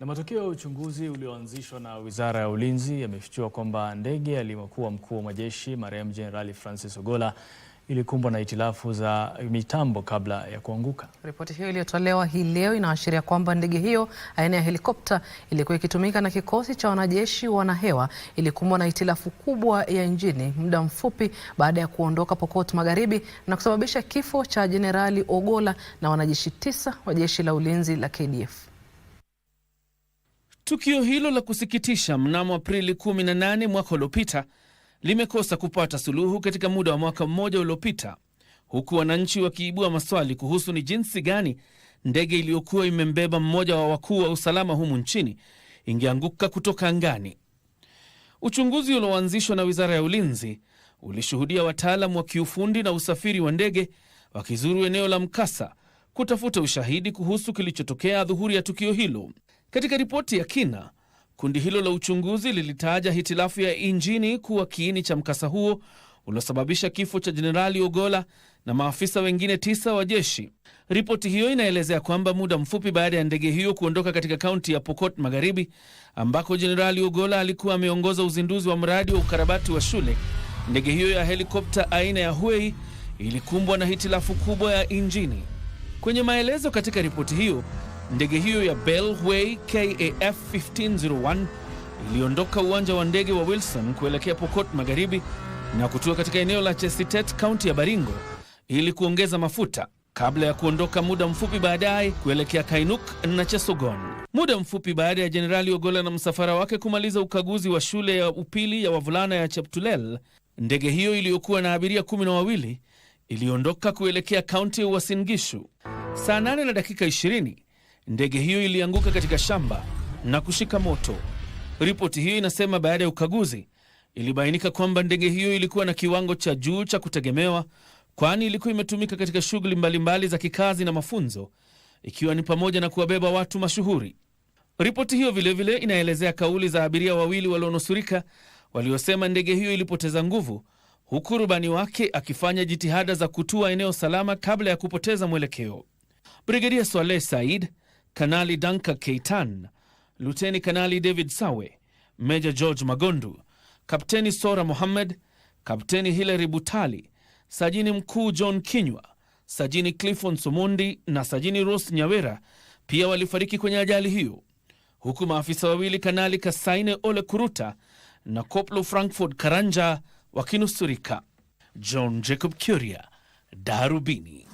Na matokeo ya uchunguzi ulioanzishwa na Wizara ya Ulinzi yamefichua kwamba ndege aliyekuwa mkuu wa majeshi marehemu Jenerali Francis Ogolla ilikumbwa na hitilafu za mitambo kabla ya kuanguka. Ripoti hiyo iliyotolewa hii leo inaashiria kwamba ndege hiyo aina ya helikopta ilikuwa ikitumika na kikosi cha wanajeshi wanahewa ilikumbwa na hitilafu kubwa ya injini muda mfupi baada ya kuondoka Pokot Magharibi na kusababisha kifo cha Jenerali Ogolla na wanajeshi tisa wa Jeshi la Ulinzi la KDF. Tukio hilo la kusikitisha mnamo Aprili 18 mwaka uliopita limekosa kupata suluhu katika muda wa mwaka mmoja uliopita, huku wananchi wakiibua maswali kuhusu ni jinsi gani ndege iliyokuwa imembeba mmoja wa wakuu wa usalama humu nchini ingeanguka kutoka angani. Uchunguzi ulioanzishwa na Wizara ya Ulinzi ulishuhudia wataalam wa kiufundi na usafiri wa ndege wakizuru eneo la mkasa kutafuta ushahidi kuhusu kilichotokea dhuhuri ya tukio hilo. Katika ripoti ya kina, kundi hilo la uchunguzi lilitaja hitilafu ya injini kuwa kiini cha mkasa huo uliosababisha kifo cha Jenerali Ogola na maafisa wengine tisa wa jeshi. Ripoti hiyo inaelezea kwamba muda mfupi baada ya ndege hiyo kuondoka katika kaunti ya Pokot Magharibi, ambako Jenerali Ogola alikuwa ameongoza uzinduzi wa mradi wa ukarabati wa shule, ndege hiyo ya helikopta aina ya Huei ilikumbwa na hitilafu kubwa ya injini. Kwenye maelezo katika ripoti hiyo Ndege hiyo ya Bellway KAF 1501 iliondoka uwanja wa ndege wa Wilson kuelekea Pokot Magharibi na kutua katika eneo la Chesitet, kaunti ya Baringo ili kuongeza mafuta kabla ya kuondoka muda mfupi baadaye kuelekea Kainuk na Chesogon. Muda mfupi baada ya Jenerali Ogola na msafara wake kumaliza ukaguzi wa shule ya upili ya wavulana ya Cheptulel, ndege hiyo iliyokuwa na abiria kumi na wawili iliondoka kuelekea kaunti ya Uasin Gishu saa 8 na dakika 20 ndege hiyo ilianguka katika shamba na kushika moto. Ripoti hiyo inasema baada ya ukaguzi ilibainika kwamba ndege hiyo ilikuwa na kiwango cha juu cha kutegemewa, kwani ilikuwa imetumika katika shughuli mbalimbali za kikazi na mafunzo, ikiwa ni pamoja na kuwabeba watu mashuhuri. Ripoti hiyo vilevile vile inaelezea kauli za abiria wawili walionusurika waliosema ndege hiyo ilipoteza nguvu, huku rubani wake akifanya jitihada za kutua eneo salama kabla ya kupoteza mwelekeo. Brigedia Swaleh Said Kanali Danka Keitan, Luteni Kanali David Sawe, Meja George Magondu, Kapteni Sora Mohammed, Kapteni Hilary Butali, Sajini Mkuu John Kinywa, Sajini Clifford Somondi na Sajini Rose Nyawera pia walifariki kwenye ajali hiyo, huku maafisa wawili Kanali Kasaine Ole Kuruta na Koplo Frankfurt Karanja wakinusurika. John Jacob Curia, Darubini.